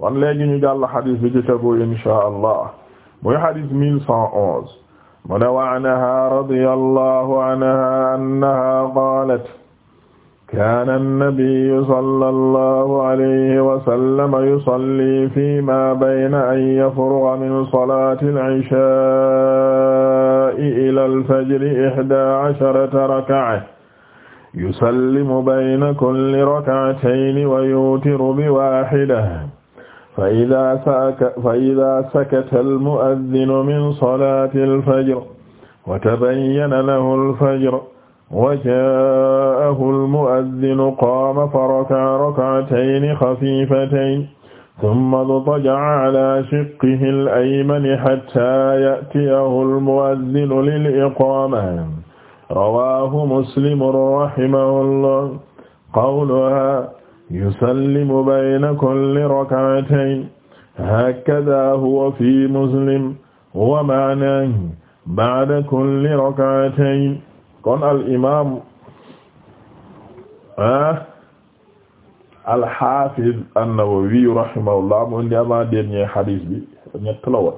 kon léegi ñu jàll xadis bi ci tegu inshaa allah muy xadis mille cent onze mu ne wa anha radiyallahu anha annaha qaalat kaana annabiyu sallallahu alayhi wa sallam yusalli fi ma bayna an yafruga min salaati al-ishaa'i ila al-fajri ihdaa asharata rak'a yusallimu bayna kulli rak'atayni wa yuutiru bi waahida fa ida saka fa ida sakata almuaddinu min solati alfajr wa tabayyana lahu alfajr wa jaahu almuaddinu qaama fa raka'a rak'atayni xafiifatayni summa ضطجع على شقه الأيمن حتى يأتيه المؤذن للإقامة رواه مسلم رحمه الله قولها yusallimu bayna kulli rak'atayn hakadha huwa fi muslim wa ma'nahu ba'da kulli rak'atayn kon al imaam al ah, haafiz an-Nawawi rahimahullah mu indi avant-dernier hadith bi ñett la woon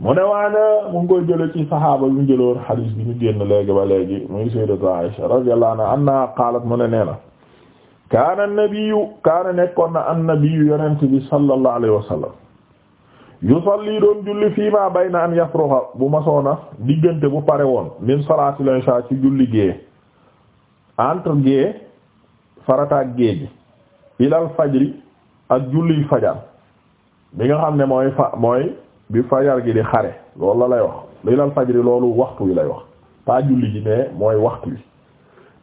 mu ne waana mu ngi koy jële ci saxaaba bi mu jëloon hadith bi ñu génn léegi ba léegi muy sayyidatu Aisha radiyallahu anha qaalat mu ne nee na kaana nabiyu kaana nekkoon na an nabiyu yonent bi sallallahu alayhi wa sallam yusalli doon julli fii ma bayna an yafruxa bu masoona diggante bu pare woon min salaatil isha ci julli gée entre gée farataak gée gi ilal fajri ak julli fajar bi nga xam ne mooy fa mooy bi fajar gi di xare loolu la lay wax ilal fajri loolu waxtu wi lay wax pas julli ji mais mooy waxtu wi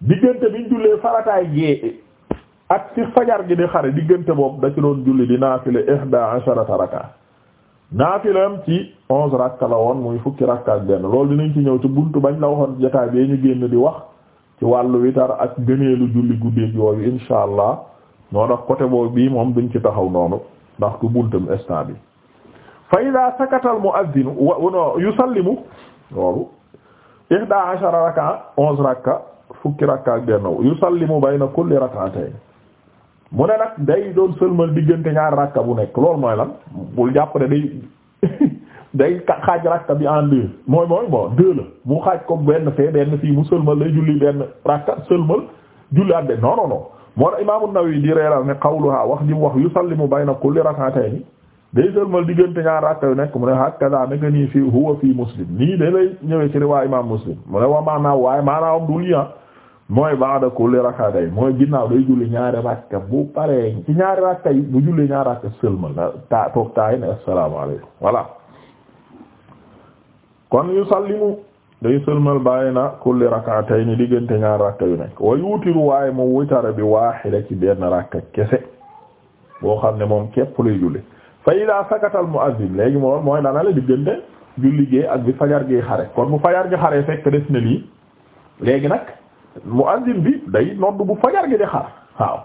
diggante bi ñu jullee farataay gée ak ci fajar gi di xare diggante boobu da ci doon julli di naafile ihda asharata raka naafilam ci onze rakka la woon muy fukki rakka ak benn lool loolu dinañ ci ñëw ci buntu bañ la waxoon jotaay bee ñu génn di wax ci wàllu witar ak gëneelu julli guddeeg yooyu insha allah ñoo tax côté bii moom duñ ci taxaw noonu ndax du buntam instant bi fa ida sakata al muazzinu wa yusallimu loolu ihda ashara raka onze rakka fukki rakka ak benn yusallimu bayna kulli rak'atayn mu ne nag day doon sëlmal diggante ñaari rakka bu nekk loolu mooy lan bul jàpp ne day day xaaj rakka bi en deux mooy mooy bon deux la mu xaaj ko benn fee benn fii mu sëlmal day julli benn rakka sëlmal julli at de non non non moo tax Imaam An-Nawawi di reeral ne qawluha wax di mu wax yusallimu bayna kulli rak'atayni day sëlmal diggante ñaari rakka yu nekk mu ne hakaza naka nii fii huwa fii Muslim nii da lay ñëwee ci riwaa Imaam Muslim mu ne wa maanaam mooy ba'da kulli rak'atayn mooy ginnaaw day julli ñaari rakka bu paree ci ñaari rakka yi bu julli ñaari rakka sëlmal taa ta toog taay ne assalaamu alaykum voilà kon yusallimu day sëlmal bàyyi na kulli rak'atayn diggante ñaari rakka yu nekk wa yuutiru waaye mu witara bi waahida ci benn rakka kese boo xam ne moom képp lay julli fa idaa sakatal mu'azzin léegi moom mooy dana la diggante julli gee ak bi fajar gi xare kon bu fajar gi xare fekk léegi nag muazzin bi day nodd bu fajar gi di xaar waaw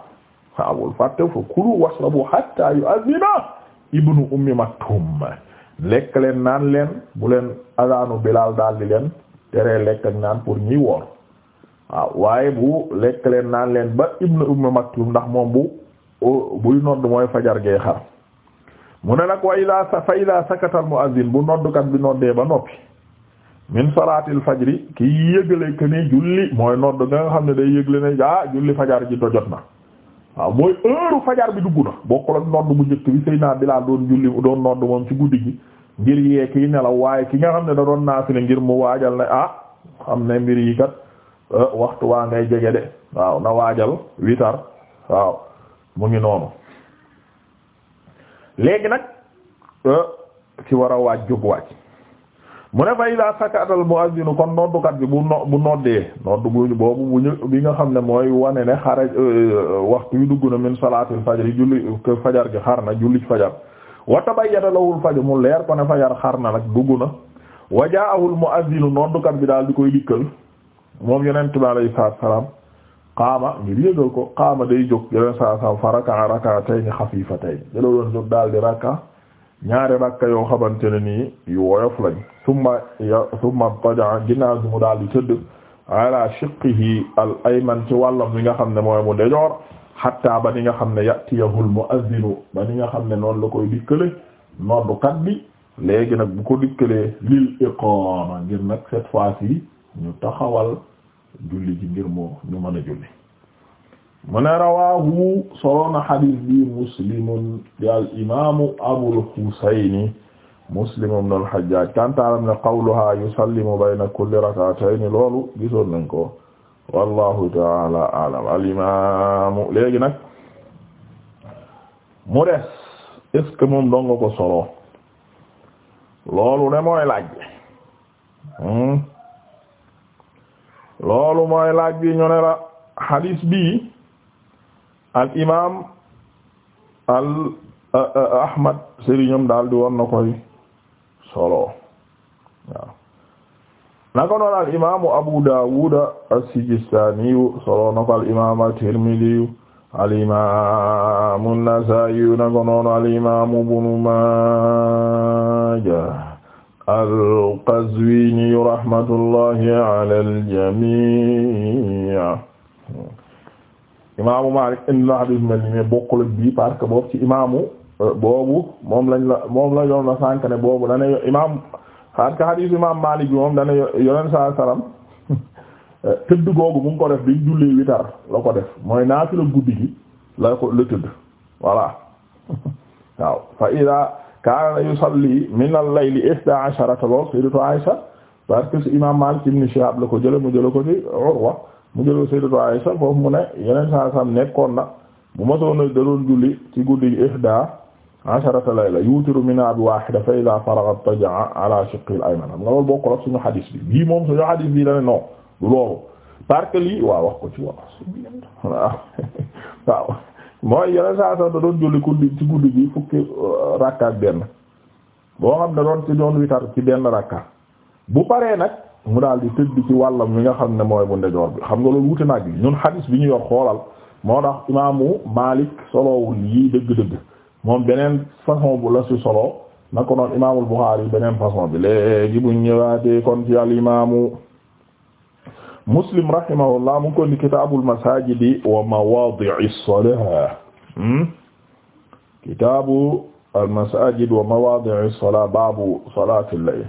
waaw bul fàtte fa kulu washrabu hatta yu'azzina ibnu ummi maktum lekk leen naan leen bu leen adaanu bilaal daal leen teree lekk ak naan pour ñiy woor waaw waaye bu lekk leen naan leen ba ibnu ummi maktum ndax moom bu buy nodd mooy fajar gee xar mu ne nag wa ila fa ila sakata al muazzin bu noddukat bi noddee ba noppi min salaatil fajri ki yëgle que ne julli mooy nodd nga nga xam ne day yëgle ne ah julli fajar ji dojot na waaw mooy heure fajar bi dugg na bokkul ak nodd bu njëkk bi Seydina Bilaal doon julli doon nodd moom ci guddi gi ngir yee kii nelaw waaye ki nga xam ne da doon naafile ngir mu waajal ne ah xam ne mbir yi kat eh, waxtu waa ngay jege de waaw na waajal witar waaw mu ngi noonu léegi nag ci eh, war a waaj jóg waaj mu ne bay ida sakatal muazzinu kon noddukat bi bu no bu noddee noddu bu boobu bu ñu bi nga xam ne mooy wane ne xara euh, euh, waxtu yu dugg na min salaatil fajar yi julli fajar gi xar na julli fajar wa tabayyana lahul faj mu leer ko ne fajar xar na nag dugg na wa jaa'ahul muazzinu noddukat bi daal di koy dikkal moom yonent bi alayhi salaam qaama ngir yëgal ko qaama day jóg yeneen saa saa fa raka'a rak'atayni xafiifatayni da doon jóg daal di raka ñaari rakka yoo xamante ne nii yu woyof lañ summa ya summa tajaa ginnaaw bi mu daal di tëdd ala shiqqihi al ci wàllam li nga xam ne mooy mu dejoor hatta ba ni nga xam ne ya yatiyahul mu'adhdhinu ba ni nga xam ne noonu la koy dikkale noddukat bi léegi nag bu ko dikkalee lil iqama ngir nag cette fois-ci ñu taxawal julli ji ngir moo ñu mën a julli mu ne rawaahu soloona xadis bi muslimun di al imaamu abul husayni muslim ibn al hajjaj kantaalam ne qawluha yusallimu bayna kulli rak'atayni loolu gisoon nañ ko taala alam al imaamu léegi nag mu des est ko solo loolu ne mooy laaj bi hmm? loolu mooy laaj bi ñu ne la xadis bi al imaam al Ahmad sëriñam daal di woon na koy solo waaw naka noonu al imaamu Abu Dawud as-Sijistani solo na ko al imaam at-Tirmidhi al imaamu an-Nasa'i naka noonu al imaamu Ibnu Maaja al-Qazwini rahmatullahi ala al-jamii' imaamu Maalik indi na xadis mel ni mais bokkul ak bii parce que boobu ci imaamu euh, boobu moom lañ la moom la la sànk ne boobu dana imaam parce que imaam Maalik bi moom dana yoneen saa salaam euh, tëdd googu mu ko def bi jullee witar la ko def mooy naafila guddi gi la ko la tëdd voilà waaw fa ida kaana yusalli min al-layli ihda asharata lool sayyidatu Aisha parce que si imaam Maalik ibn Shihab la ko jële mu jële ko ci Urwa mu jëloo Sayyidatu Aisha foofu mu ne yeneen saa sam nekkoon na bu ma soona daroon julli ci guddi ihda asharata la yuutiru minha bi wahida fa idha faragha taja'a ala shiqqil ayman xam nga loolu bokkul ak suñu xadis bi bii moom suñu xadis bi la ne non du loolu parce que waaw wax ko ci waaw mooy yeneen saa sam da julli guddi ci guddi gi fukki rakkaat benn boo xam ne doon ci doon witar ci benn rakkaat bu paree nag mu daal di tëdd ci wàllam mi nga xam ne mooy bu ndejoor bi xam nga loolu wuute nag ñun xadis bi ñu yor xoolal moo tax imaamu Maalik solowul yii dëgg-dëgg moom beneen façon bu la si solo na ko noon imaamul beneen façon bi léegi bu ñëwaatee kon ci al Muslim rahimahullah mu ngi ko ni wa mawaadi'i salaah hmm? kitaabu al wa mawaadi'i salaah baabu salaatil layl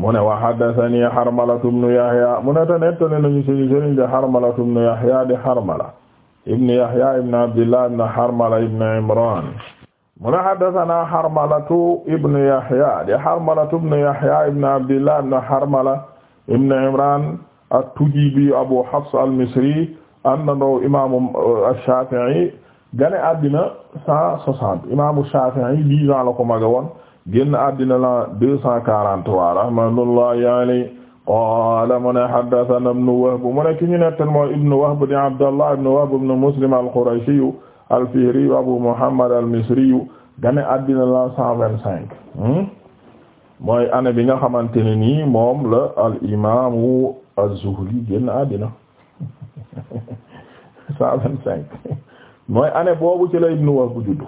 mu ne wa haddathani Harmalatu ibnu Yahya mu ne te nettali nañu suñu sëriñ de Harmalatu ibnu Yahya di Harmala ibnu Yahya ibnu Abdillah ibnu Harmala ibnu Imran mu ne haddathana Harmalatu ibnu Yahya di Harmalatu ibnu Yahya ibnu Abdillah ibnu Harmala ibnu Imran at-Tujibi Abu Hafs al-Misri àndandoo imaamu euh, Shafi'i gane àddina 160 imaamu Shafi'i 10 ans la ko mag woon génn àddina la 243 rahmatullahi alayhi qaala mu ne haddathana ibnu Wahb mu ne ki ñu nettal mooy ibnu Wahb di Abdallah ibnu Wahb ibnu Muslim al-Qurashiyu Abu Muhammad al-Misriyu génn àddina la 125 hmm? mooy année bi nga xamante ne nii moom la al-imaamu az-Zuhli génn àddina 125 mooy année boobu ci la ibnu Wahb juddu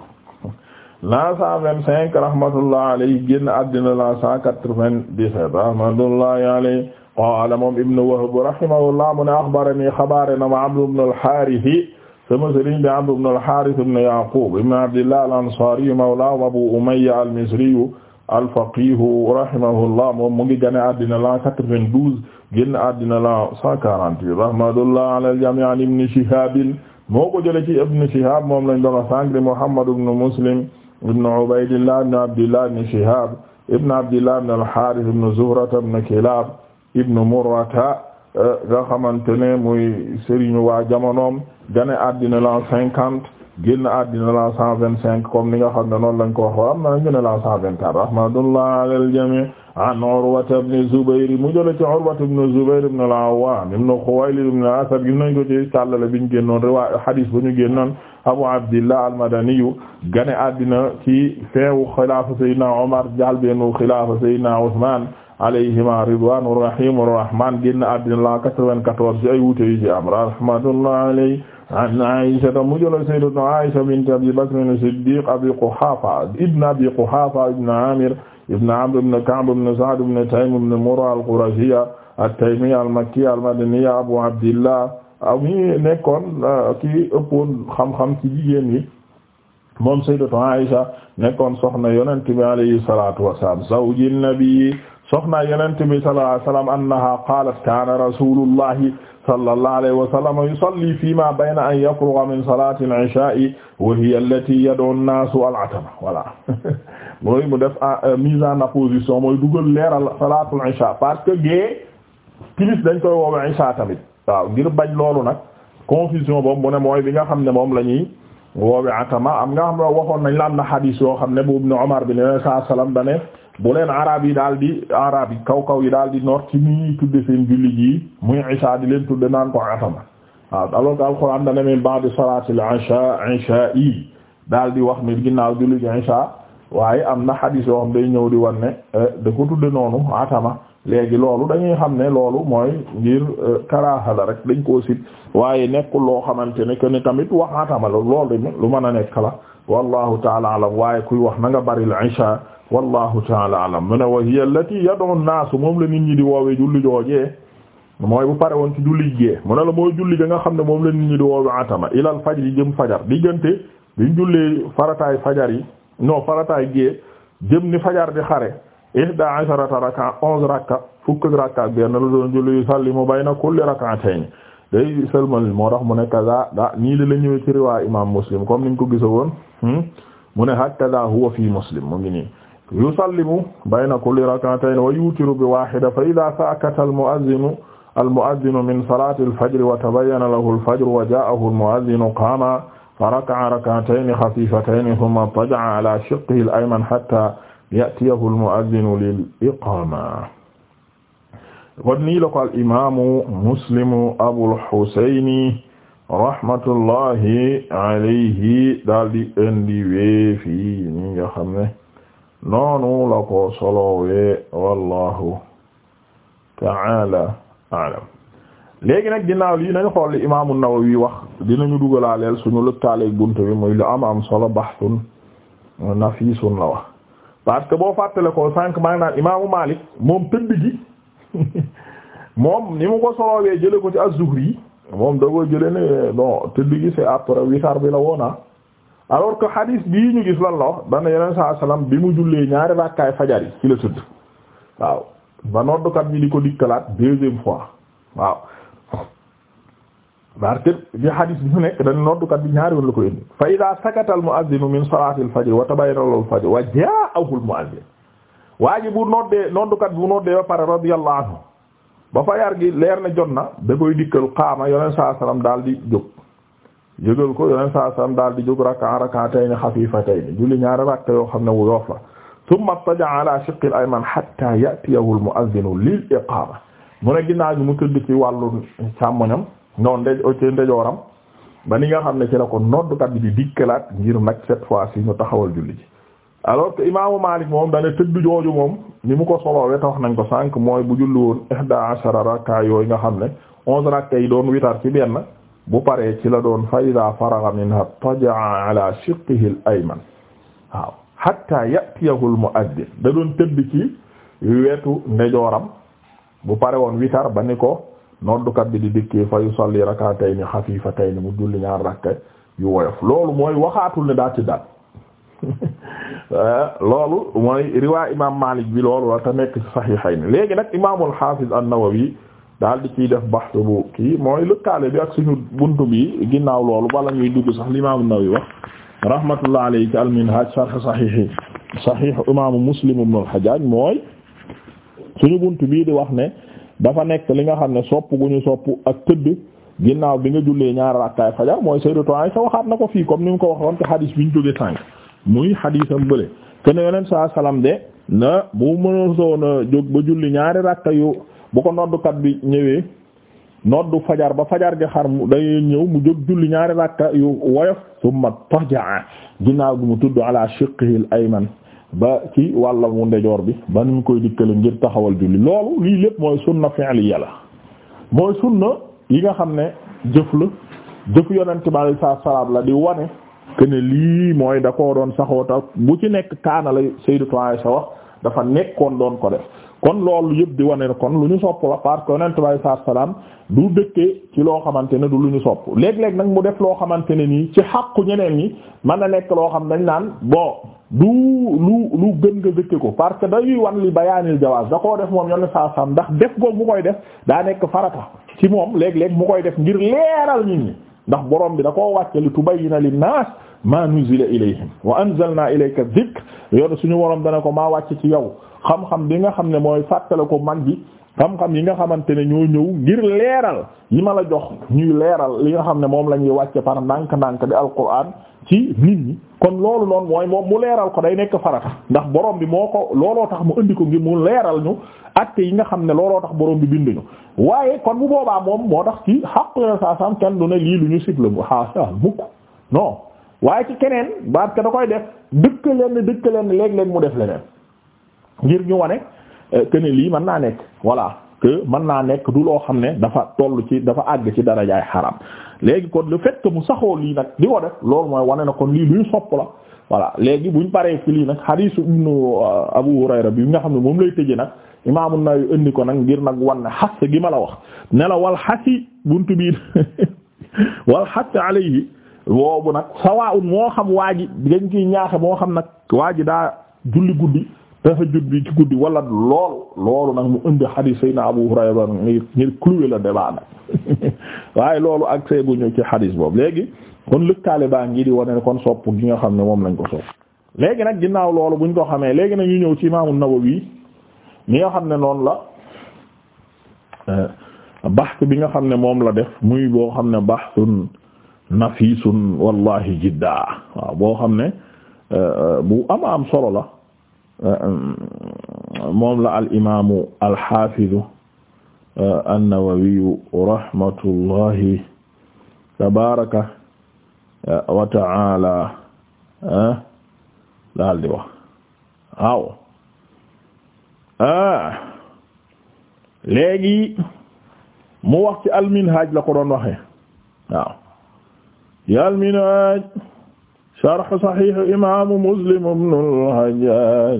l'an cent vingt cinq rahmatullah alayhi génn àddina l'an cent quatre-vingt-dix-sept rahmatullahi alayhi qaala moom Ibn Wahb rahimahullah mu ne axbarani xabaare na ma Amr ibn al-Haaris sama sëriñ bi Amr ibn al-Haaris ibn Yaqub ibn Abdillah al-Ansari mawla Abu Umayya al-Misri al-faqih rahimahullah moom mu ngi génn àddina l'an quatre génn àddina l'an cent quarante-huit rahmatullah ala al-jamii' an Ibn Shihab moo ko jëlee ci Ibn Shihab moom lañ doon sànq Muhammad ibn Muslim ibn Ubaydillah ibn Abdillah ibn Shihab ibn Abdillah ibn al-Harith ibn Zuhrata ibn Kilab ibn Murrata eh, nga xamante ne muy sëriñu waa jamonoom gane àddina la cinquante génn àddina la cent vingt cinq comme ni nga xam ne lañ ko wax am na ñu ne la rahmatullah alal jami an Urwata ibn Zubayr mu jële ci Urwata ibn Zubayr ibn al-Awwam ibn Khuwaylid ibn Asad gis nañ ko ci tallale biñ génnoon riwaa hadis bu ñu génnoon Abu Abdillah al-Madaniyu gane àddina ci feewu xilaafa Sayyidina Umar jalbeenu xilaafa Sayyidina Usman alayhima ridwaanu rahiimu rahmaan génn àddina la 94 ci ay wuute yu ci am rahmatullahi alayhi an Aysata mu jële Sayyidatu Aysa bint Abi Bakr as-Siddiq Abi Quhafa ibn Abi Quhafa ibn Amir ibn Amr ibn Ka'b ibn Sa'd ibn Taym ibn Murra al-Qurashiyya at-Taymiyya al-Makkiyya al-Madaniyya Abu Abdillah ami nekkoon euh, ki ëppoon xam-xam ci jigéen yi moom sayyidatu Aisha nekkoon soxna Yonent bi alayhi salaatu wa salaam zawji nabi soxna Yonent bi sallallahu alayhi wa sallam annaha qaalat kaana rasuulullahi sallallahu alayhi wa sallam yusalli fiimaa bayna an yafruga min salaati al-ishaa'i wa hiya allatii yad'u an-naasu al-'atama voilà mooy mu def ah, euh, mise en opposition mooy dugal leeral salaatul isha parce que gée timis dañ koy woowe isha tamit waaw ngir bañ loolu nag confusion boobu mu ne mooy bi nga xam ne moom la ñuy woowe atama am nga xam ne waxoon nañ la am na xadiis yoo xam ne bu Ibnu Umar bi ne saa salaam dane bu leen arab yi dal di arab yi kaw kaw yi daal di noor ci ni tudde seen julli ji muy isha di leen tudde naan ko atama waaw alors que alxuraan dane min ba'di salaatil yi daal di wax ni ginnaaw julli waaye am na xadis yoo xam day ñëw di wan ne eh, da ko tudde noonu atama léegi loolu dañuy xam ne loolu mooy ngir eh, karaaha la rek dañ koo sit waaye nekkul loo xamante ne que ni tamit wax atama la loolu lu mën a nekk la wallahu taala alam waaye kuy wax na nga bari l isha wallahu taala alam mu ne wa hiya allati yad'u naasu moom la nit ñi di woowe julli joojee mooy bu pare woon ci julli gee mu ne la mooy julli ga nga xam ne moom la nit ñi di woowe atama ilal yi jëm fajar diggante biñ jullee farataay fajar yi no farataay a jëm ni fajar di xare ihda asharata raka onze rakka fukk rakka benn la doon julli yu sallimu bayna kulli rak'atayn day sëlmal moo tax mu ne kaza da nii li la ñëwee ci riwaa imam muslim comme niñ ko gisa woon hmm? mu ne hakaza huwa fi muslim mu ngi nii yusallimu bayna kulli rak'atayn wa yutiru bi wahida fa idha sakata al mu'adhdhinu al mu'adhdhinu min salati al fajr wa tabayyana lahu al fajr wa ja'ahu al mu'adhdhinu qama فركع ركعتين خفيفتين ثم اضطجع على شقه الأيمن حتى يأتيه المؤذن للإقامة kon nii la ko al imaamu muslimu abul xusayni rahmatullahi alayhi daal di indi wee fii ñi nga xam ne noonu la ko solo wee wallaahu ta'ala a'lam léegi nag ginnaaw lii nañu xool li imaamu Nawawi wax dinañu dugalaaleel suñu lëkkaaleeg bunt bi muy lu am am solo baxtun nafisun la wax parce que boo fàttale ko sànq maa ngi naan imaamu Maalik moom tëdd gi moom ni mu ko soloowee jële ko ci Az-Zuhri moom da ko jële ne bon tëdd gi c'est après witar bi la woona ah. alors que hadis bii ñu gis lan la wax dana yeneen saa salaam bi mu jullee ñaari rakkaay fajar yi ci la tëdd waaw ba noddukat bi di ko dikkalaat deuxième fois waaw parce que bi bi ñu nekk dañ noddukat bi ñaari yoon la ko indi fa ida sakata al min salati al fajr wa tabayyana al fajr wa ja'ahu al muazzin waa ji bu noddee noddukat bu noddee ba pare radiyallahu anhu ba fa yar gi leer na jot na da koy dikkal xaama yoneen saa sallam daal di jóg jógal ko yoneen saa daal di jóg rakka rak'atayni xafiifatayni julli ñaari rakka yoo xam ne wu yoof la thumma ittaja'a ala shiqqi al ayman hatta ya'tiyahu al muazzinu lil iqama mu ne gi mu tëdd ci wàllu càmmoñam noon ndej ci ndejooram ba ni nga xam ne ci la ko noddukat bi di dikkalaat ngir nag cette fois ci ñu taxawal julli ji alors que imaamu Maalik moom dane tëdd jooju moom ni mu ko solowee te wax nañ ko sànq mooy bu julli woon ihda ashara raka yooyu nga xam ne onze raka yi doon witar ci benn bu paree ci la doon fa ida faraga minha tajaa ala shiqqihi al ayman waaw hatta yatiyahu mu muaddin da doon tëdd ci wetu ndejooram bu pare woon witar ba ni ko noddukat bi di dikkee fa yusalli rak'atayni xafiifatayni mu julli ñaar rakka yu woyof loolu mooy waxaatul ne daa eh, loolu mooy riwaay imaam Maalik bi loolu la nekk ci saxiixayni léegi nag imaamul xaafiz an-Nawawi daal di ciy def baxtu bu kii mooy lëkkaale bi ak suñu buntu bi ginnaaw loolu bala ñuy dugg sax li imaam an-Nawawi wax rahmatullah alayhi al-Minhaaj sharh buntu bii di wax ne. dafa nekk li nga xam ne sopp gu ñu sopp ak tëdd ginnaaw bi nga jullee ñaar rakkaay fajar mooy sayyidatu Aisha waxaat na ko fii comme ni mu ko waxoon ci xadiis bi ñu jógee sànq muy xadiisam bële kenn yonent sa salaam de na bu mënoon soo a jóg ba julli ñaari rakka yu bu ko noddukat bi ñëwee noddu fajar ba fajar gi xar mu day ñëw mu jóg julli ñaari rakka yu woyof summa toja ginnaaw gi mu tudd ala shiqqihi al ayman ba ci wàlla mu ndejoor bi ba nu mu koy dikkale ngir taxawal julli loolu lii lépp mooy sunna fi'liya la mooy sunna yi nga xam ne jëf la jëf yonent bi alayhi salaam la di wane que lii mooy da koo doon saxoota bu ci nekk kaana la Sayyidatu Aisha wax dafa nekkoon doon ko def kon loolu yëpp di wane kon lu ñu sopp la parce que yonent bi saa salaam du dëkkee ci loo xamante ne du lu ñu sopp léeg-léeg nag mu def loo xamante ne nii ci xàqu ñeneen yi man na nekk loo xam dañ naan bon du lu lu gën nga dëkkee ko parce que dayuy wan li bayaanil jawaaz da koo def moom yonent saa salaam ndax def googu mu koy def daa nekk farata ci moom léeg-léeg mu koy def ngir leeral nit ñi ndax borom bi da koo wàcce li tubayyina linnaas maa nuzila ilayhim wa anzalna ilayka dhikr yow suñu worom dana ko maa wàcce ci yow xam-xam bi nga xam ne mooy fàttale ko mag bi xam-xam yi nga xamante ne ñoo ñëw ngir leeral yi ma la jox ñuy leeral li nga xam ne moom la ñuy wàcce par ndànk-ndànk di alquran ci nit ñi kon loolu noonu mooy moom mu leeral ko day nekk farata ndax boroom bi moo ko looloo tax mu indi ko ngir mu leeral ñu acte yi nga xam ne looloo tax borom bi bind ñu waaye kon bu boobaa moo tax ci xàqu saa kenn du ne lii lu ñu sibla bu xaasa ah, ah, mukk non waaye ci keneen baat ka da koy def dëkk leen dëkk leen léeg-léeg mu def leneen ngir ñu wane euh, que ne lii mën naa nekk voilà que mën naa nekk du loo xam ne dafa toll ci dafa àgg ci darajaay xaram léegi kon le fait que mu saxoo lii nag di ko def loolu mooy wane na kon lii luy sopp la voilà léegi bu ñu paree ci lii nag xadiisu ibnu euh, Abu Hurayra bi nga xam ne moom lay tëje nag Imaam An-Nawawi indi ko nag ngir nag wan ne xas gi ma la wax ne la wal xasi buntu bii wal woobu nag sawaawun moo xam waa ji dañ ciy ñaaxe moo xam nag waa ji daa julli guddi tahajjud bi ci guddi wala loolu loolu nag mu indi hadith sayna Abu Hurayra ngir ngir clouer le débat nag loolu ak seegu ñu ci boobu léegi kon lëkkaale baa ngi di wane kon sopp gi nga xam ne moom lañ ko sopp léegi nag ginnaaw loolu buñ ko xamee léegi nag ñu ñëw ci Imaamu Nawawi mi nga xam ne noonu la eh, bahth bi nga xam ne moom la def muy boo xam ne bahthun nafisun wallahi jidda boo xam ne euh, bu ama am solo la euh, moom la al imaamu al xaafidu euh, an-Nawawiyu rahmatullahi tabaaraka wa wax waaw léegi mu wax ci al minhaj la ko doon waxe yal minhaj sharh sahih imaamu muslim ibn al-hajjaj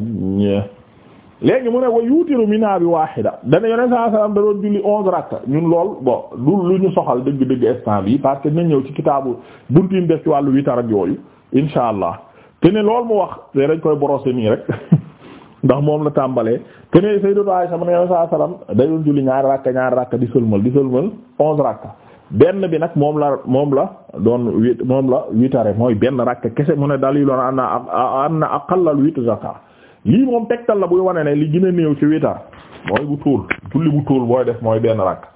léegi mu ne wa yuutiru minha bi waahida dana yoneen saa salaam da julli onze rakka ñun lool bon du lu ñu soxal dëgg-dëgg instant yi parce que dina ñëw ci kitaabu buntu yi mu def ci wàllu witar ak yooyu insha allah te ne mu wax te dañ koy brosser nii rek ndax moom la tàmbalee te ne Sayyidatu Aisha mu ne yoneen saa salaam day doon julli ñaari rakka ñaari rakka di sëlmal di sëlmal onze rakka benn bi nag moom la moom la doon wit moom la witare mooy benn rakk kese mu ne dalilu anna anna aqallal witr zakat lii moom tegtal la buy wane ne li gën néew ci witar mooy bu tóol julli bu tóol booy def mooy benn rakk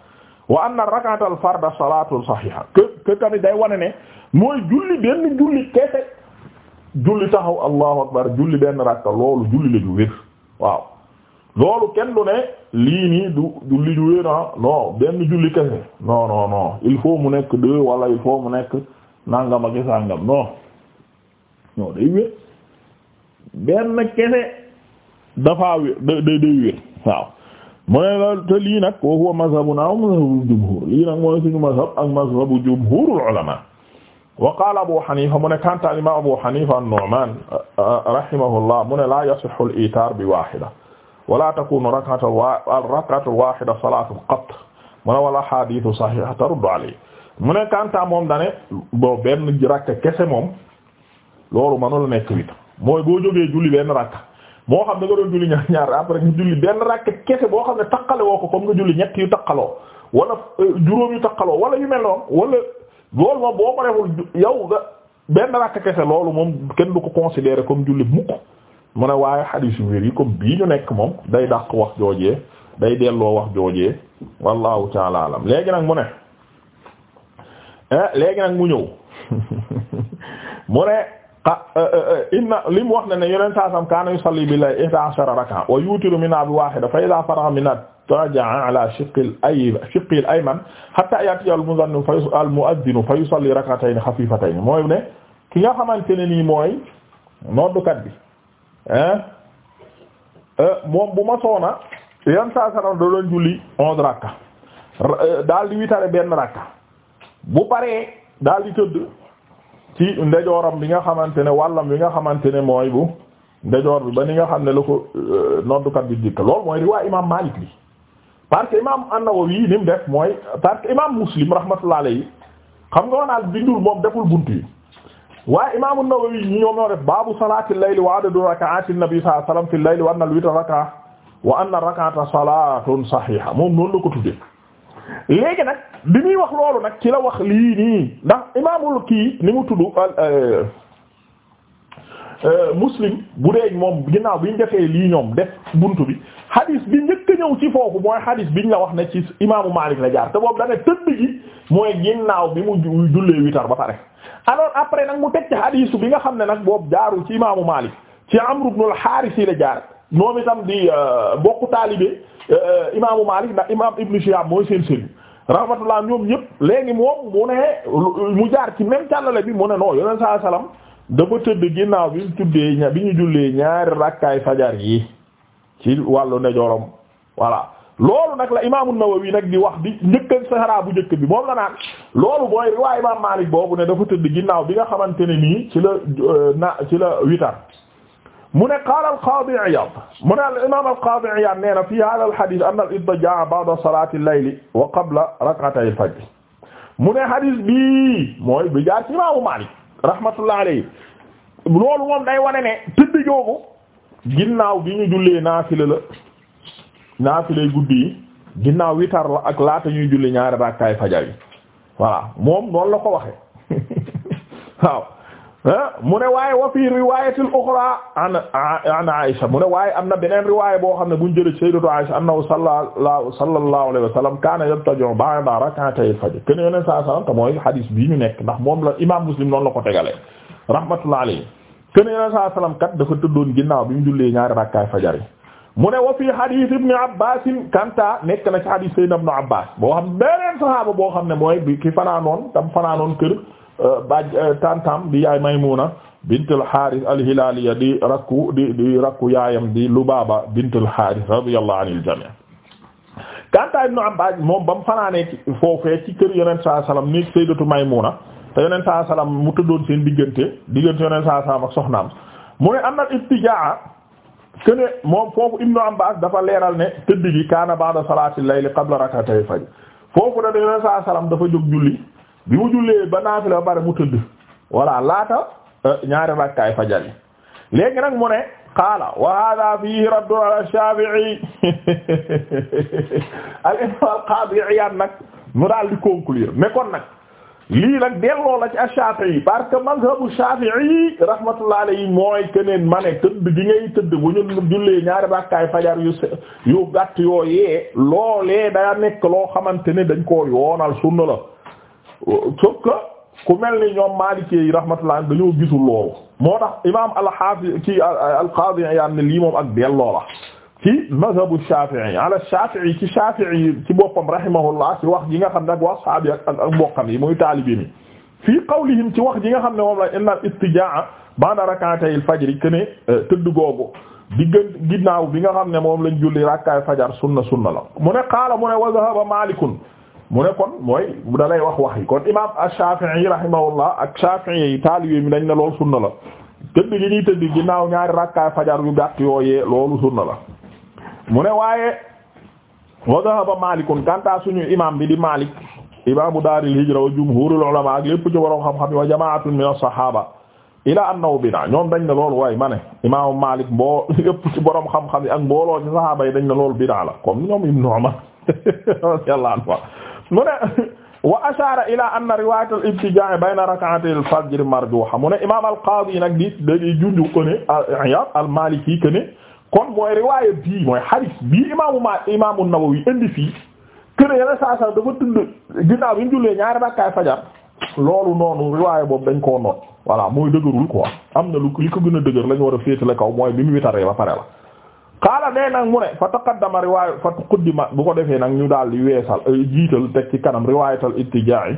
wa anna rak'atal farda salaatun sahiha que que tamit day wane ne mooy julli benn julli kese julli taxaw allahu akbar julli benn rakk loolu julli la ju wér waaw loolu kenn ne lii nii du julli ju ah. benn julli kese non non non il faut mu nekk deux wala il faut mu nekk nangam ak sàngam non non day wér benn kese dafaa wér day day mu ne la te lii nag wa huwa mazhabuna wa mazhabu jumhur lii nag mooy suñu mazhab ak mazhabu jumhurul ulama wa qaala abu hanifa mu ne kanta imam mu ne la yasihhu al bi wahida wala takunu rak'atul wahida salatul qat mu ne wala hadithu sahiha taruddu alayhi mu ne kanta moom dane bo benn rakk kese moom loolu mënula nekk wit mooy boo jógee julli benn rakk moo xam ne nga doon julli ñaar ñaar après nga julli benn rakk kese boo xam ne taqale woo ko comme nga julli ñett yu taqaloo wala euh, juróom yu taqaloo wala yu mel wala loolu moom boo ko deful yow nga benn rakk kese loolu moom kenn du ko considérer comme julli mukk mu ne waaye xadiis yu yi comme bii ñu nekk moom day dàq wax joojee day delloo wax joojee wallahu taala alam léegi nag mu ne eh, léegi nag mu ñëw mu ne eh, eh, inna li mu wax ne ne yeneen saasam kaana yusalli bi lay ihda ashara raka wa yutiru minha bi wahida fa idha faraga minha taraja'a ala shiqqil ay shiqqil ayman hatta ya'tiya al-muzannu fa al mu'adhdhinu fa yusalli rak'atayn khafifatayn mooy ne ki nga xamante ne nii mooy noddukat bi Euh, moom bu ma soona yan saa salam da doon onze rakka euh, daal di witare benn rakka bu paree daal di tëdd ci ndejooram bi nga xamante ne wàllam bi nga xamante ne mooy bu ndejoor bi ba ni nga xam ne la ko euh, noddukat bi dikk loolu mooy riwaay imaam Maalik bi parce que imaam An-Nawawi ni mu def mooy parce que Muslim rahmatullah alayhi xam nga woon naal bindul moom deful buntu yi waaye imaamu Nawawi ñoom ñoo def baabu salaati layli wa adadu raka'aati nabi sallallahu alayhi wasallam fil layli wa anna al-witra raka'a wa anna rak'ata salaatun sahiha moom noonu la ko tuddee. léegi nag bi muy wax loolu nag ci la wax lii nii ndax imaamul kii ni mu tudd euh, euh, euh, muslim bu dee moom ginnaaw bi ñu defee lii ñoom def buntu bi hadis bi njëkk a ci foofu mooy hadis bi la wax na ci imaamu Maalik la jaar te boobu da ne tëdd gi mooy ginnaaw bi mu jullee witar ba pare. alors après nag mu teg ci hadisu bi nga xam ne nag boobu jaaru ci imaamu Maalik ci Amru ibn al-Haaris yi la jaar moom itam di euh, bokku taalibe euh, imaamu Maalik ndax imaam Ibn Shihab mooy seen sëriñ rahmatullah ñoom ñëpp léegi moom mu ne mu jaar ci même càllale bi mu ne non yoneen saa salaam dafa tëdd ginnaaw bi ñu bi ñu jullee ñaari rakkaay fajar yi ci wàllu ndeyjooram voilà loolu nag la imaamu Nawawi nag di wax di njëkkan saxaraa bu njëkk bi moom la naan loolu mooy riwaay imaam Maalik boobu ne dafa tëdd ginnaaw bi nga xamante ne nii ci la euh, na ci witar mu ne qaala al-Qaadi Iyaad mu ne al-imaam al-Qaadi Iyaad nee na fii haazal hadiis wa qabla rak'atay al-fajr mu ne hadiis mooy bi jaar ci imaamu Maalik rahmatullahi loolu moom day wane ne tëdd joogu ginnaaw bi ñu la naafilay guddi yi ginnaaw witar la ak laata ñuy julli ñaari rakkaay fajar yi voilà moom noonu la ko waxee waaw ah mu ne waaye wa fii riwayatil ukhra an an Aisha mu ne waaye am na beneen riwaaya boo xam ne buñ jëlee sayyidatu Aisha annahu sallallahu sallallahu alayhi wa sallam kaana yabtaju ba'da rak'atay fajr kenn yeneen saa sallam te mooy hadis bii ñu nekk ndax moom la imam Muslim noonu la ko tegalee rahmatullah alayhi kenn yeneen saa sallam kat dafa tëddoon ginnaaw bi mu jullee ñaari rakkaay fajar yi mu ne wa fii hadith ibn Abbas kanta nekk ci hadith Seydina ibn boo xam beneen sahaaba boo xam ne mooy bi ki fanaanoon tam fanaanoon kër euh, baj euh, tantam di yaay Maymuna bint al-Harith al di rakku di rakku yaayam di lu bint al-Harith radiyallahu anil jami' kanta ibn Abbas moom bam fanaanee foofee ci kër Yonent sallallahu alayhi wasallam ni Sayyidatu Maymuna te Yonent sallallahu mu tëddoon seen diggante diggante Yonent sallallahu alayhi ak soxnaam mu ne kene moom foofu Ibnu Abbaas dafa leeral ne tëdd gi kaana ba'da salaatil layli qabla rak'atay fajr foofu dafa jóg julli bi mu jullee ba naafila ba mu tëdd voilà laata euh, ñaari rakkaay fajar yi léegi nag mu ne qaala wa haadaa fiihi raddun ala Shaafi'i al-Imaam al-Qaadi Iyaad nag mu daal di conclure mais nag lii nag delloo la ci ash-Shafi'i parce que mazhabu Shafi'i rahmatullah alayhi mooy keneen mane ne tëdd gi ngay tëdd bu ñu jullee ñaari bàkkaay fajar yu se yu gàtt yooyee loolee daa nekk loo xamante ne dañ koo yoonal sunna la ku mel ni ñoom Maliki yi rahmatullah dañoo gisul loolu moo imaam al-Hafiz ci al-Qadi yaa lii moom ak delloo la ci mazhabu Shafi'i ala Shafi'i ci Shafi'i ci boppam rahimahullah ci wax ji nga xam ne ak wax sahabi ak ak mbokkam yi muy taalibi mi fii qawlihim ci wax ji nga xam ne moom la inna al-istijaa'a ba'da rak'atayil fajri que ne euh, tëdd googu diggan ginnaaw bi nga xam ne moom lañ julli rakkaay fajar sunna sunna la mu ne qaala mu ne wa dhahaba Maalikun mu ne kon mooy da lay wax wax yi kon imam ash-Shafi'i rahimahullah ak Shafi'i yi taalibe mi dañ ne loolu sunna la tëdd gi ñuy tëdd ginnaaw ñaari rakkaay fajar yu gàtt yooyee loolu sunna la mu ne waaye wa dhahaba malikun kanta suñu imam bi di malik imamu daaril hijra wa jumhurul ulama ak lépp ci waroom xam-xam wa jamaatun min as-sahaba ila annahu bida ñoom dañ ne loolu waaye ma ne imaamu malik mboo lépp ci borom xam-xam yi ak mbooloo ci sahaba yi dañ ne loolu bida la comme ñoom ibnu umar radiyallahu anhu mu ne wa ashara ila anna riwayat al ibtijaa bayna rak'atay al fajr marjuha mu ne imam al qaadi nag di dagi junju ko ne Iyaad al maliki ko ne kon mooy riwaaya bii mooy hadith bii imaamu ma imaamu Nawawi indi fii kër yàlla saa saa dafa tund ginnaaw bi mu ñaari rakkaay fajar loolu noonu riwaaya boobu dañ koo noot voilà mooy dëgërul ko am na lu li ko gën a dëgër la ñu war a féetale kaw mooy bi mu witaree ba pare la. xaala nee nag mu ne fa taqaddama riwaaya fa taqaddima bu ko defee nag ñu daal di weesal euh, jiital teg ci kanam riwaayatal ittijaa'i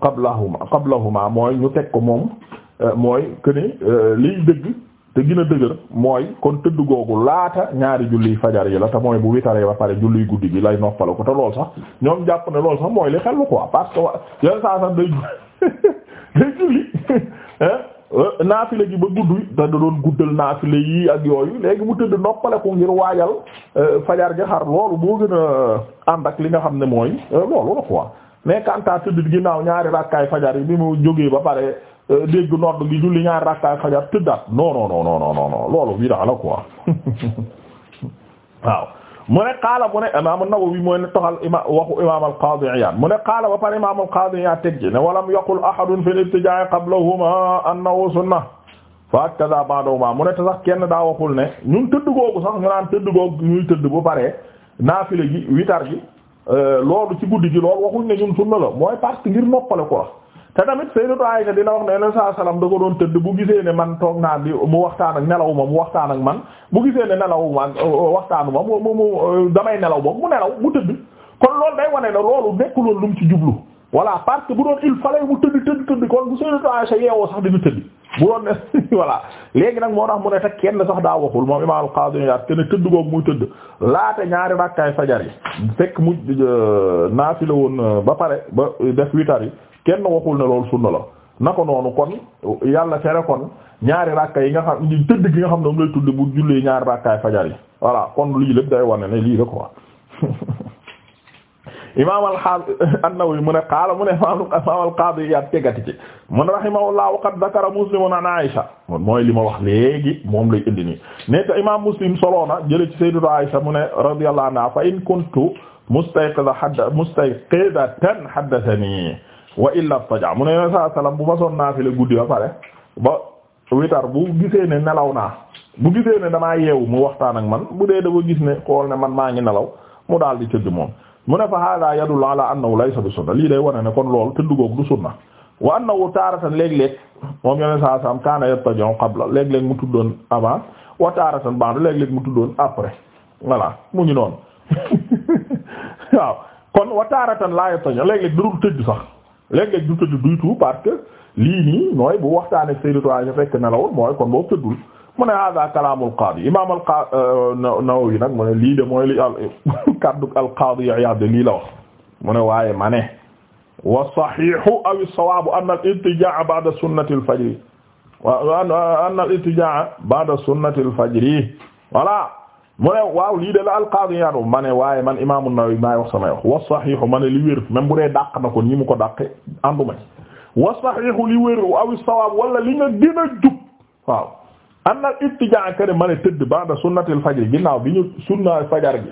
qablahuma qablahuma mooy ñu teg ko moom euh, mooy que ni euh, liy dëgg. te gën a dëgër mooy kon tëdd googu laata ñaari julli fajar yi la te mooy bu witaree ba pare julli guddi gi lay noppal ko te lool sax ñoom jàpp ne lool sax mooy li xel quoi parce que wa yenn saa sax day day julli euh, naafile gi ba gudd da doon guddal naafile yi ak yooyu léegi mu tëdd noppale ngir waajal euh, fajar gi xar loolu boo gën a ànd ak li nga xam ne mooy euh, loolu la quoi mais quant tëdd ginnaaw ñaari rakkaay fajar yi bi mu jógee ba pare. Euh, dégg nodd gi julli ñaar rakkaay fajar tëddaat non non non loolu bii daa la waaw mu ne qaala mu ne imaam an-Nawawi mooy toxal ima waxu imaam al-Qaadi mu ne qaala ba pare imaam al-Qaadi Iyaad teg ci ne walam yaqul ahadun fi al-ibtijaa'i qablahuma annahu sunna fa kaza ba'dahuma mu ne te sax kenn daa waxul ne ñun tëdd googu sax ñu naan tëdd googu ñuy tëdd bu paree naafile gi witar gi euh, loolu ci guddi gi loolu waxuñ ne ñun sunna la mooy ko te tamit Sayyidatu Aisha dina wax ne yeneen saa salaam da ko doon tëdd bu gisee ne man toog naa di mu waxtaan ak nelawu ma mu waxtaan ak man bu gisee ne nelawu ma waxtaanu ma mu mu damay nelaw boobu mu nelaw mu tëdd kon loolu day wane ne loolu nekkuloon lu mu ci jublu voilà parce que bu doon il fallait mu tëdd tëdd tëdd kon bu Sayyidatu Aisha yeewoo sax dina tëdd bu doon léegi nag moo tax mu ne te kenn sax daa waxul moom Imaam al-Qaadi Iyaad kenn tëdd googu muy tëdd laata ñaari rakkaay fajar yi fekk mu euh, la woon euh, ba pare ba def witar yi kenn waxul ne loolu sunna la na noonu kon yàlla tere kon ñaari rakka yi nga xam ñu tëdd gi nga xam ne lay tudd bu jullee ñaari rakkaay fajar yi voilà kon lii lépp day wane ne lii la quoi imam an-Nawawi mu ne qaala mu ne imam al-Qaadi Iyaad tegati ci mun rahimahullah wa qad dhakara Muslim an Aïsha moon mooy li ma wax léegi moom lay indi nii ne te imam Muslim soloona jële ci sayyidatu Aïsha mu ne radiyallahu anha fa in kuntu mustayqida wa illa taja mu ne yoneen saa bu ma son naafile guddi a pare ba witar bu gisee ne nelaw naa bu gisee ne damaa yeewu mu waxtaan ak man bu dee dafa gis ne xool ne man maa ngi nelaw mu daal di tëdd moom mu ne fa hada yadullu ala annahu laysa bi sunna lii day wane ne kon loolu tëdd googu du sunna wa wu taaratan léeg-léeg moom yoneen saa salaam kaana yattajo qabla léeg-léeg mu tuddoon avant wa taaratan ba'da léeg-léeg mu tuddoon après voilà mu ngi noonu waaw léeg-léeg du tëdd duy tout parce que lii nii mooy bu waxtaanee Sayyidatu Aisha fekk nelawul mooy kon boobu tëddul mu ne hada kalaamul qaadi imaam al euh, Nawawi nag lii de mooy li al kaddu al qaadi Iyaad lii la wax mu ne waaye ma ne wa sahihu aw as-sawaabu anna al irtijaa ba'da mu ne waaw lii de la alqaadi Iyaad ma ne waaye man imaamu Nawawi maay wax samay wax wa saxiixu ma ne li wér même bu dee dàq na ko ñi mu ko dàqee ànduma ci wa saxiixu li wér aw sawaab wala li nga gën a jub waaw ma ne tëdd ba'da sunnatil fajr ginnaaw bi ñu sunna fajar gi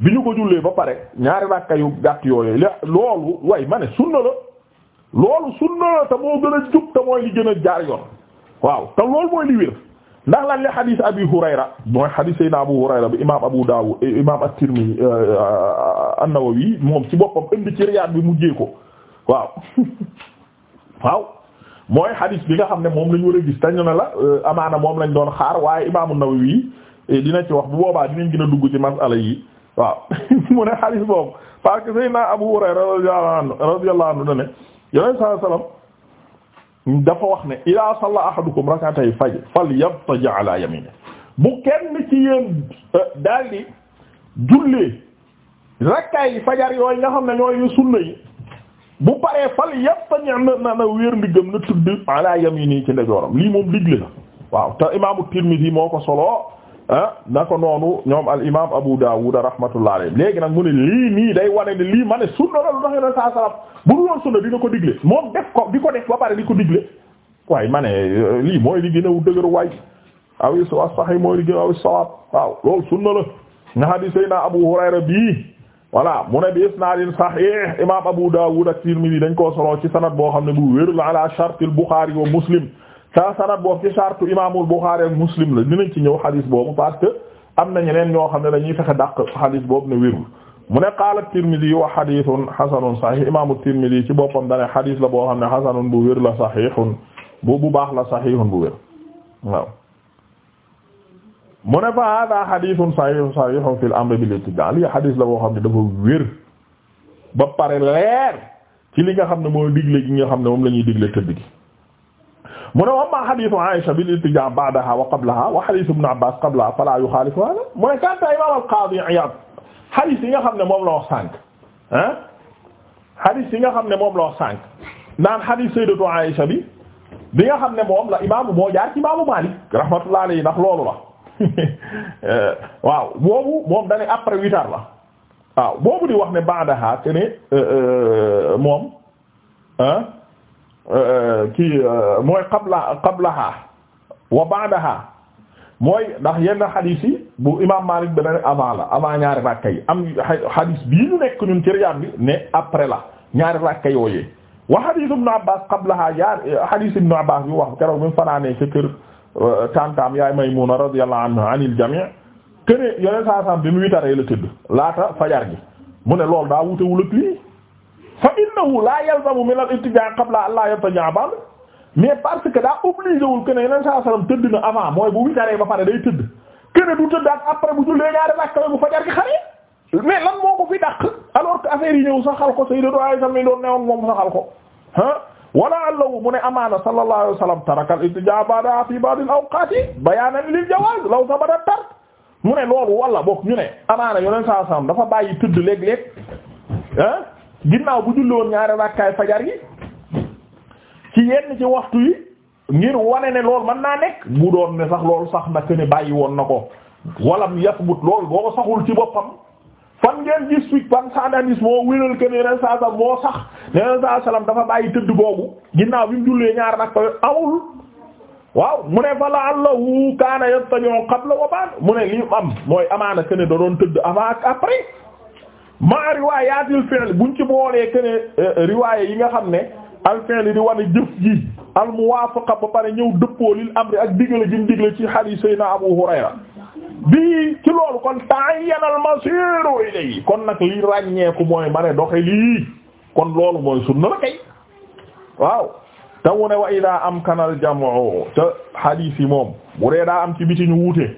bi ñu ko jullee ba pare ñaari rakka yu gàtt yooyu loolu way ma ne sunna la loolu sunna la te moo gën a jub te mooy li gën a jaar yoon waaw te loolu mooy li wér ndax lan la xadis abi hurayra mooy xadis sayna abu hurayra bi imam abu dawud eh, imam at-tirmidhi eh, eh, moom ci boppam indi ci riyaad bi mujjee ko waaw waaw mooy xadis bi nga xam ne moom lañ war a gis tañ na la amaana moom lañ doon xaar waaye imam an yi dinañ ci wax bu boobaa dinañ gën a dugg ci masala yi waaw mu ne xadis boobu parce que sayna abu hurayra radiyallahu anhu radiyallahu anhu ne yone sallallahu dafa wax ne ila salla ahadukum rak'atay fajr falyabtaji ala yamini bu kenn ci yéen euh, daal di jullee rakkaay fajar yooyu nga xam ne ñooy sunna yi bu paree falyabtaji na na wéer yamini ci ndejooram lii moom digle la waaw te imaamu Tirmidhi moo ko solo ah na noonu ñoom al imaam Abu Dawud rahmatullah alayhi léegi nag mu ne lii nii day wane ne lii ma ne sunna la lu tax saa sallam bu dul woon sunna dina ko digle moom def di ko def ba pare di ko digle waaye ma euh, lii mooy li gën a dëgër waay awi wa sahih mooy li gën awi sawaab waaw loolu sunna la nga xam ne Seydina Abu Hurayra bii voilà mu ne bi isnaadin sahih imaam Abu Dawud ak Tirmidhi dañ koo solo ci sanad boo xam ne bu wér la ala shartil sa sanad boobu ci sartu imaamul Buxaari ak Muslim la dinañ ci ñëw xadis boobu parce que am na ñeneen ñoo xam ne dañuy fexe dàq xadis boobu ne wérul mu ne qaala Tirmidi wa xadithun xasanun saxix imaamu Tirmidi ci boppam dane xadis la boo xam ne xasanun bu wér la saxixun bu bu baax la saxixun bu wér waaw mu ne fa hada xadithun saxixun saxixun fi l amri bil ittiba lii xadis la boo xam ne dafa wér ba pare leer ci li nga xam ne mooy digle gi nga xam ne moom la ñuy digle tëdd mu ne wa ma hadithu Aisha bil iltijaa ba'daha wa qablaha wa hadithu ibn Abbas qablaha fala yukhalifu hada mu ne kanta imam al-Qadi Iyad hadith yi nga xam ne moom la wax sànq ah hadith yi nga xam ne moom la wax sànq naan hadith sayyidatu Aisha bi bi nga xam ne moom la imaamu moo jaar ci imaamu Malik rahmatullahi alayhi ndax loolu la waaw boobu moom dane après huit la waaw boobu di wax ne ba'daha te ne euh, euh, moom ah kii mooy qabla qablaha wa ba'daha mooy ndax yenn xadiis yi bu imaam Maalik dana ne avant la avant ñaari rakka yi am xadiis bii ñu nekk ñun ci Riyaad bi ne après la ñaari rakka yooyee wa xadiis Ibnu Abbaas qablaha yaar xadiis Ibnu Abbaas bi wax keroog bi mu fanaanee ca kër euh, tantaam yaay Maymuna radiyallahu anha anil jamii këne yoneen saa bi mu witaree la tëdd laata fajar gi mu ne loolu daa wutewul ak lii fa innahu la yalzamu min al-ittija' qabla an la yattaja' ba'd mais parce que daa obligé wul a ne yeneen saa salaam tëdd na avant mooy bu witaree ba pare day tëdd que ne du tëdd ak après bu jullee ñaari rakka bu fajar gi xare mais lan moo ko fi dàq alors que affaire yi ñëw saxal ko Sayyidatu Aisha mi doon newoon moom saxal ko ah wala allahu mu ne amaana sallallahu alayhi wa sallam taraka al-ittija' ba'da fi ba'd al-awqat bayanan lil jawaz mu ne loolu wala boog ñu ne amaana yeneen saa salaam dafa bàyyi tëdd léeg-léeg ginnaaw bu julli woon ñaari rakkaay fajar yi ci yenn ci waxtu yi ngir wane ne loolu mën naa nekk bu doon ne sax loolu sax na que bàyyi woon na ko walam yasbut loolu boo ko saxul ci boppam fan ngeen gis fi ban sandandis moo wéral que ne saa moo sax yeneen saa salaam dafa bàyyi tëdd boobu ginnaaw bi mu jullee ñaari rakkaay amul waaw mu ne fa la'allahu kaana yattabi'u qabla wa ba'd mu ne li mu am mooy amaana que ne da doon tëdd avant ak après. maa riwaayatil bu buñ ci boolee que ne euh, riwaaya yi nga xam ne al fi'l di wane jëf ji al ba pare ñëw dëppoo lil amri ak digle gi mu ci hadiis Seydina Abu Hurayra bii ci loolu kon ta'ayyana al masiru ilayhi kon nag li ràññeeku mooy ma ne doxe lii kon loolu mooy sunna la kay waaw te ne wa idaa amkana al jam'u te hadiis yi moom bu dee daa am ci biti ñu wuute.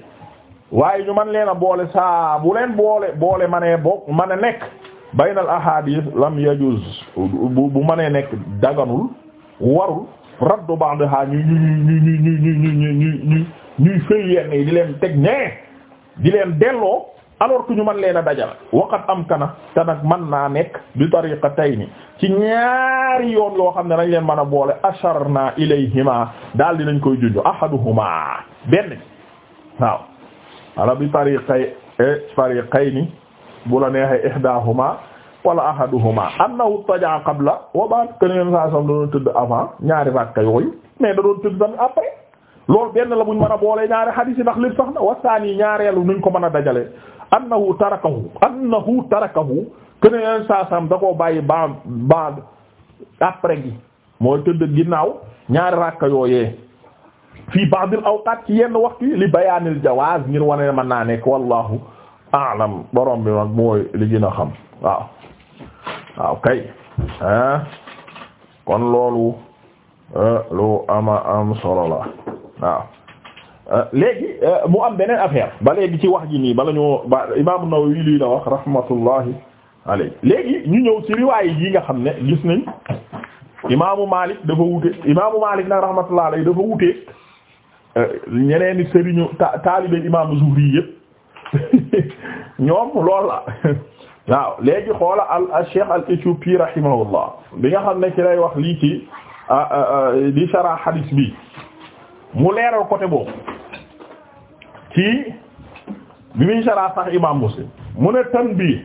waaye ñu man leen a boole saa bu leen boole boole manee bokk man a nekk baynal ahadith lam yajuz bu bu manee nekk daganul warul raddu ba'daha ñu ñu ñu ñu ñu ñu ñu ñu ñu ñu ñuy fël yenn yi di leen teg ñee di leen delloo alors que ñu man leen a dajal waqat am kana te nag man naa nekk bi tariqatayni ci ñaari yoon yoo xam ne dañ leen mën a boole asharna ilayhima daal di nañ koy junj ahaduhuma benn waaw wala bi tariqay eh, tariqayni bu la neexee ihdahuma wala ahaduhuma annahu taja qabla wa ba'd ken yeen saa sam da doon tëdd avant ñaari rakka yooyu mais da doon tëdd tamit après loolu benn la buñ mën a boole ñaari hadith yi ndax lépp sax na wasaani ñaareelu nuñ ko mën a dajale annahu tarakahu annahu tarakahu ken yeen saa sam da koo bàyyi ba'd ba'd après gi mooy tëdd ginnaaw ñaari rakka yooyee fii ba'dil awqaat ci yenn waxtu yi li bayaanil jawaaz ngir wane ne mën naa nekk wallahu a'lam borom bi mag mooy li gën a xam waaw ah kon loolu eh, lu ama am solo la eh, eh, mu am beneen affaire ba léegi ci wax ji nii bala ñoo ba imaamu Nawawi lii la ñu ñëw ci riwaay yi nga xam ne gis nañ imaamu Maalik dafa wuute imaamu Maalik nag rahmatullahi alayhi dafa wuute ñeneen i sëriñu ta taalibe imaamu Zuhri yëpp ñoom lool la waaw léegi xoola al Cheikh al Éthiopi rahimahullah bi nga xam ne ci lay wax lii ci di shara hadis bi mu leeral côté boobu ci bi muy shara sax imam Muslim mu ne tan bi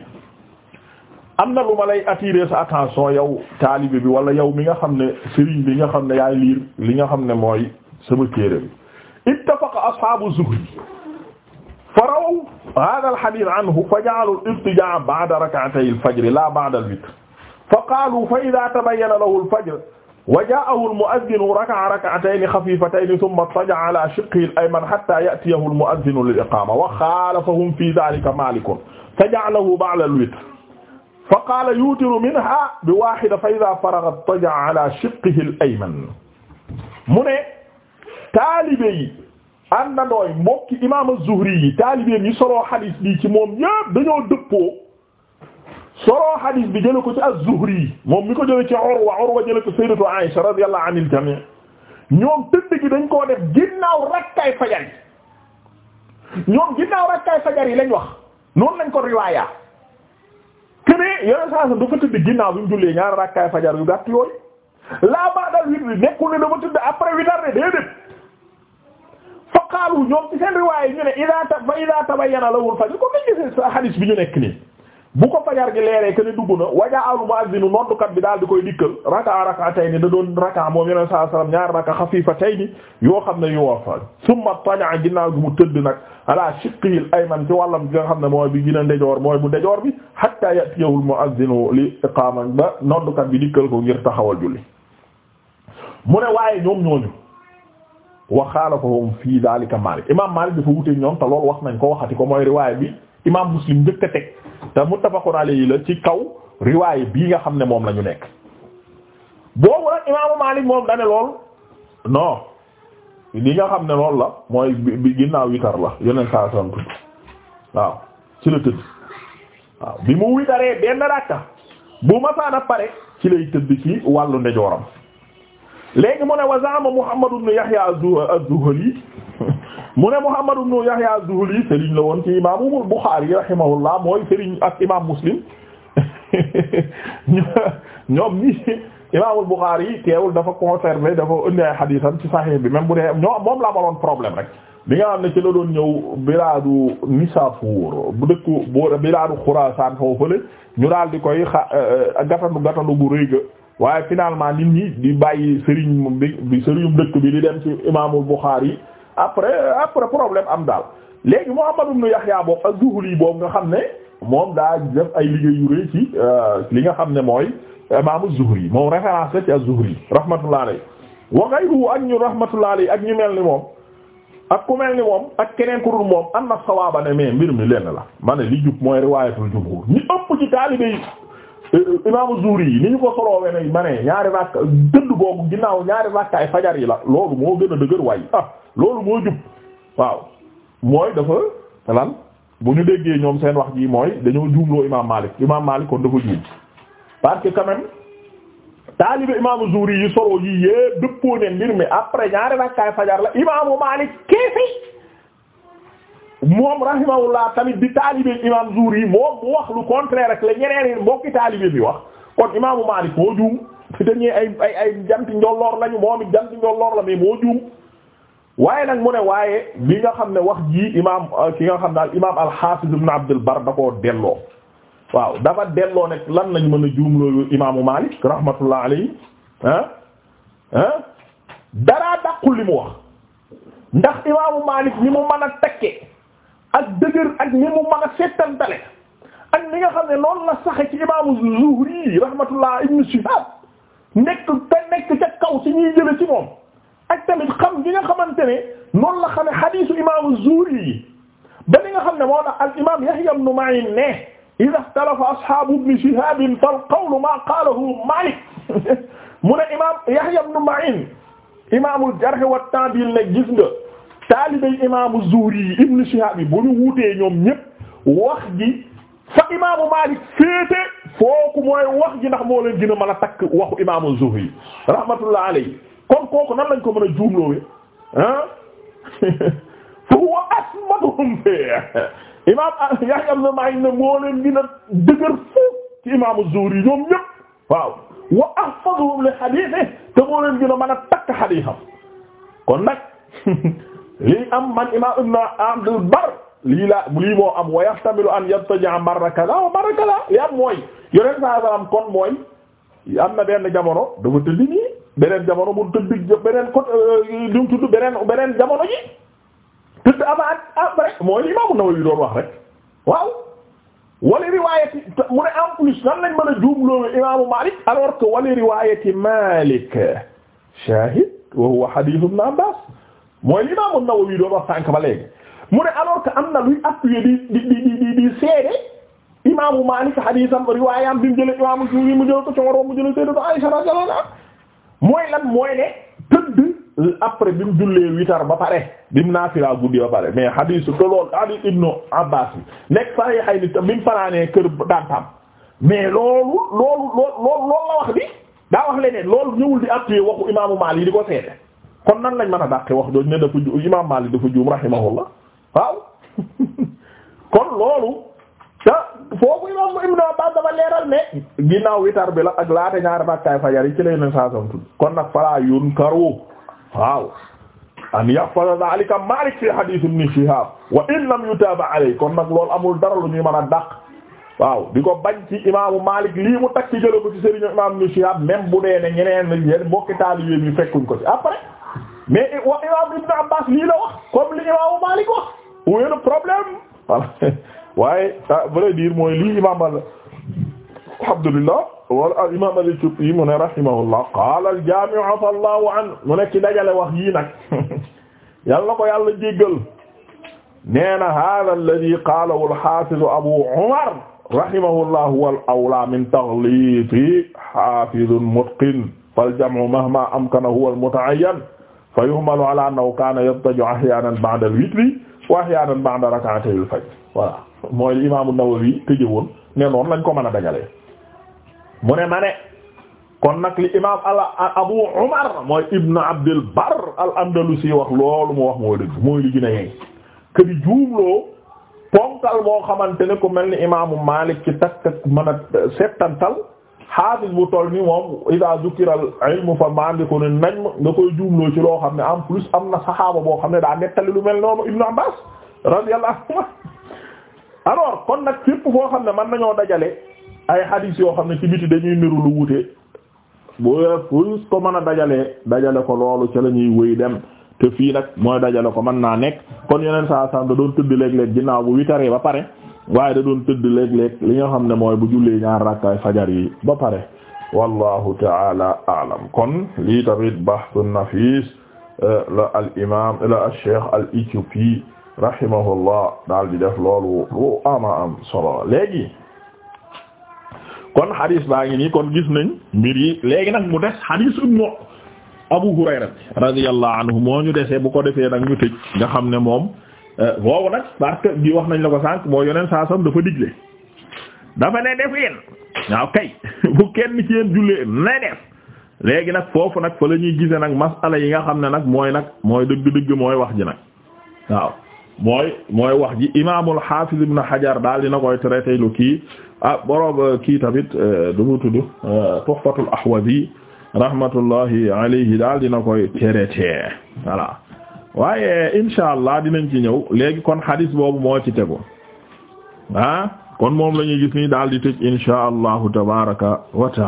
am na lu ma lay attirer sa attention yow taalibe bi wala yow mi nga xam ne sëriñ bi nga xam ne yaay liir li nga xam ne mooy sama téere ittafaqa ashaabu zuhri fa rawaw haaza al-hadiis anhu fa ja'alu al-iftijaa'a ba'da rak'atay al-fajr laa ba'da al-witr fa qaaluu fa izaa tabayyana lahu al-fajr wa jaa'ahu al-mu'adhdhinu raka'a rak'atayni khafiifatayni thumma ittaja'a 'alaa shiqqihi al-ayman hattaa ya'tiyahu al-mu'adhdhinu lil-iqaama wa khaalafahum fii dhaalika Maalikun fa ja'alahu ba'da al-witr fa qaala yuutiru minhaa bi waahida fa izaa faragha ittaja'a 'alaa shiqqihi al-ayman mu ne taalibe yi àndandooy mbokki imaam az-Zuhri yi taalibeem yi soroo xadis bi ci moom ñépp dañoo dëppoo soroo xadis bi jële ko ci az-Zuhri yi moom mi ko jële ci Urwa Urwa jële ko sayyidatu Aisha radiyallahu anil jami' ñoom tëdd gi dañ koo def ginnaaw rakkaay fajar yi ñoom ginnaaw rakkaay fajar yi lañ wax noonu lañ ko riwaaya kene yone saa sa dafa tëdd ginnaaw bi mu jullee ñaar rakkaay fajar yu gàtt yooyu laa ba'dal witr nekkul ne dafa tëdd après witar ne déedéet qaalu ñoom ci seen riwaay ñu ne ida ta fa ida tabayyana lawul hadis bi ñu nekk nii bu ko fajar gi leeree que ne dugg na wajaa al muazzinu noddukat bi daal di koy dikkal raka rak'atayni da doon raka moom yeneen saa sallam ñaar raka xafifatayni yoo xam ne yu war fa summa tana ginnaaw gi mu tëdd nag ala shiqqihi ayman ci wàllam bi nga xam ne mooy bi gën a mooy bu ndejoor bi hatta yatiyahu al muazzinu li iqama ba noddukat bi dikkal ko ngir taxawal julli mu ne waaye ñoom ñooñu wa xaalafahum fii daalika Maalik imaam Maalik dafa wuteeg ñoom te loolu wax nañ ko waxati ko mooy riwaay bi imaam Muslim njëkk a teg te mu muttafaqun yi la ci kaw riwaay bii nga xam ne moom la ñu nekk. boobu nag imaamu Maalik moom dane lool no li nga xam ne lool la mooy bi ginnaaw witar la yeneen saa soxna tudd waaw ci la tëdd waaw bi mu witaree benn rakka bu ma faana pare ci lay tëdd ci wàllu ndejooram. léegi mu ne wa zaama Muhammad ibn Yahya az mu ne Muhammad ibn Yahya az-Zuhli la woon ci imaamul Bukhari rahimahullah mooy Serigne ak imaam Muslim ñoom ñi imaamul Bukhari teewul dafa conservé dafa indi ay xadiisam ci Sahih bi même bu ne ñoom moom la amaloon problème rek. bi nga xam ne ci la doon ñëw bilaadu Nisaapuur bu dëkku boo bilaadu Xuraasaan foofu fële ñu daal di koy xa gatandu gatandu bu rëy waaye finalement nit ñi di bàyyi sëriñ bi sëriñum dëkk bi di dem ci imaamul Bukhari après après problème am daal léegi Muhammad ibn Yahya boobu az-Zuhri boobu nga xam ne moom daa def ay liggéey yu rëy ci euh, li nga xam ne mooy imaamu Zuhri moom référence la ci az-Zuhri rahmatullahi alayhi wa ghayruhu ak ñu rahmatullahi ak ñu mel ni moom ak ku mel ni moom ak keneen ku dul moom am na sawaaba ne mais mbir mi lenn la ma ne li jub mooy riwaayatul jumhur ñi ëpp ci imaamu Zuhri ni ñu ko soloowee nag ma ne ñaari rakka dënd boobu ginnaaw ñaari rakka ay fajar yi la loolu moo gën a dëgër way ah loolu moo jub waaw mooy dafa lan bu ñu déggee ñoom seen wax jii mooy dañoo juumloo imaam Maalik imaam Maalik kon dafa juum parce que quand imaamu Zuhri yi soloo yi yépp dëppoo ne mi après ñaari rakkaay fajar la imaamu Maalik keefi moom rahimahullah tamit di taalibe imam Zuhri moom mu wax lu contraire ak la ñeneen yi mbokki taalibe bi wax kon imaamu Maalik moo juum te ay ay ay janti njolloor lañu moom it janti njolloor la mais moo juum waaye nag mu ne waaye bi nga xam ne wax jii imaam ki nga xam ne al imaam al-Hafiz Abdul Barr da koo delloo waaw dafa delloo nag lan lañ mën a juum loolu imaamu Maalik rahmatullah alayhi ah ah daraa dàqul li mu wax ndax imaamu Maalik ni mu mën a tekke ak dëgër ak ni mu mën a settantale ak ni nga xam ne loolu la saxe ci imaamu Zuhri rahmatullah ibn Shihab nekk te nekk ca kaw si ñuy jële ci moom ak tamit xam gi nga xamante ne noonu la xame xadiisu imaamu Zuhri yi ba li nga xam ne moo tax al imaam Yahya ibn Ma'in ne idha ikhtalafa ashaabu ibn Shihab fal qawlu ma qaalahu Malik mu ne imaam Yahya ibn Ma'in imaamul jarh wa ta'dil ne gis nga taalibey imaamu Zuhri yi Ibn yi bu ñu wutee ñoom ñépp wax ji fa imaamu Maalik féete fooku mooy wax ji ndax moo leen gën a mën a takk waxu imaamu Zuhri yi rahmatullah kon kooku nan lañ ko mën a juumloowe ah fa huwa asmatuhum fi imaam Yahya ibn Ma'in moo leen gën dëgër foofu ci imaamu Zuhri ñoom ñépp waaw wa ahfazuhum li hadiisihi te moo leen gën a a takk hadiisam kon nag lii am man imam ibn Abdul Barr lii la lii moo am wa yahtamilu an yattaja marra kaza wa marra kaza li am mooy yoneen saa salaam kon mooy am na benn jamono dafa tëdd nii beneen jamono mu tëdd beneen côté li euh, mu tudd beneen beneen jamono ji tëdd avant après mooy li Imam Nawawi doon wax rek waaw wali riwayati mu ne en plus nan lañ mën a juumloo Imam Malik alors que wali riwayati Malik shahid wa huwa hadith Ibn Abbas mooy li Imaam An-Nawawi doon wax sànk ba léegi mu ne alors que am na luy appuyer di di di di di seede Imaamu Maalik hadiisam riwaayam bi mu jëlee Imaamu Suuri mu jëlee ko mu jëlee Sayyidatu Aysa mooy lan mooy ne tëdd après bi mu jullee witar ba pare bi mu naafila guddi ba pare mais hadiisu te loolu hadiis Ibnu Abbaas bi nekk Sahihayni bi mu fanaanee kër dantam mais loolu loolu loolu loolu la wax bi daa wax leneen loolu ñëwul di appuyer waxu Imaamu kon nan lañ mën a dàqe wax jooju ne dafa ju imaam Maalik dafa juum rahimahullah waaw kon loolu te foofu imaam Ibn Abbaas dafa leeral ne ginnaaw witar bi la ak laata ñaari rakkaay fajar yi ci lay leen saa sant kon nag falaa yunkaru waaw an yahfaza zaalika Maalik fi hadiis Ibn Shihaab wa in lam yutaaba alayhi kon nag loolu amul dara lu ñuy mën a dàq waaw di ko bañ ci imaamu Maalik lii mu takk ci jëlee ko ci sëriñ imaam Ibn Shihaab même bu dee ne ñeneen ñeneen ko ci mais wa imam Ibn Abbas lii la wax comme li imam Malik wax où est le problème voilà waaye à vrai dire mooy lii imam al alhamdulillah wal ah, imam al-Qurtubi mu ne rahimahullah qaala al-jaami' afa Allahu an mu nekk ci dajale wax yii nag yàlla na ko yàlla jéggal nee na hada alladi qaalahu al-haafiz Abu Umar rahimahullah wal awlaa min taghliiti haafizun mutqin fal jam'u mahmaa amkana huwa al-muta'ayyan fa yuhmalu ala annahu kaana yattaju ahyaanan ba'da al wa ahyaanan ba'da rak'atay al-fajr mooy imaam an-Nawawi tëje woon ne lañ ko mën a dajalee mu ne ma kon nag li imaam Abu Umar mooy Ibn Abdul Barr al-Andalusi wax loolu mu wax mooy dëgg mooy li gën ponkal boo xamante ne ku mel ni imaamu Maalik ci takk mën a settantal xaafis bu toll ni moom ida zukira al ilmu fa mandiku nga koy juumloo ci loo xam ne en plus am na saxaaba boo xam ne daa nettali lu mel noonu Ibnu Abbaas radiyallahu alors kon nag fépp foo xam ne mën nañoo dajale ay hadith yoo xam ne ci biti dañuy niru lu wute boo fuus ko mën a dajalee dajale ko loolu ca la ñuy wëy dem te fii nag mooy dajale ko mën naa nekk kon yeneen saa sànq doon tudd léeg-léeg ginnaaw bu witaree ba pare. waaye da doon tëdd léeg li nga xam ne mooy bu jullee ñaar rakkaay fajar yi ba pare wallahu taala aalam kon lii tamit bahtu nafis eh, la al imam la al cheikh al éthiopie rahimahullah daal di def loolu lu ama am solo léegi kon hadis baa ngi nii kon gis nañ mbir yi léegi nag mu des hadis ibnu Abu Hurayra radiyallahu moo ñu desee bu ko defee nag ñu tëj nga xam ne moom boobu euh, nag parce gi wax nañ la ko sànq boo yoneen saa sam dafa digle dafa ne def yéen waaw kay bu kenn ci yéen jullee ne def léegi nag foofu nag fa la ñuy gise nag masala yi nga xam ne nag mooy nag mooy dëgg-dëgg mooy wax ji nag waaw mooy mooy wax ji imaamul hafiz ibn hajar daal dina koy traité lu kii ah boroom euh, kii tamit euh, du mu tudd tuhfatul ahwazi rahmatullahi alayhi daal dina koy traité voilà waaye insha allah dinañ ci ñëw léegi kon xadis boobu moo ci tegu ah kon moom la ñuy gis nii daal di tëj insha allahu tabaraka wa taala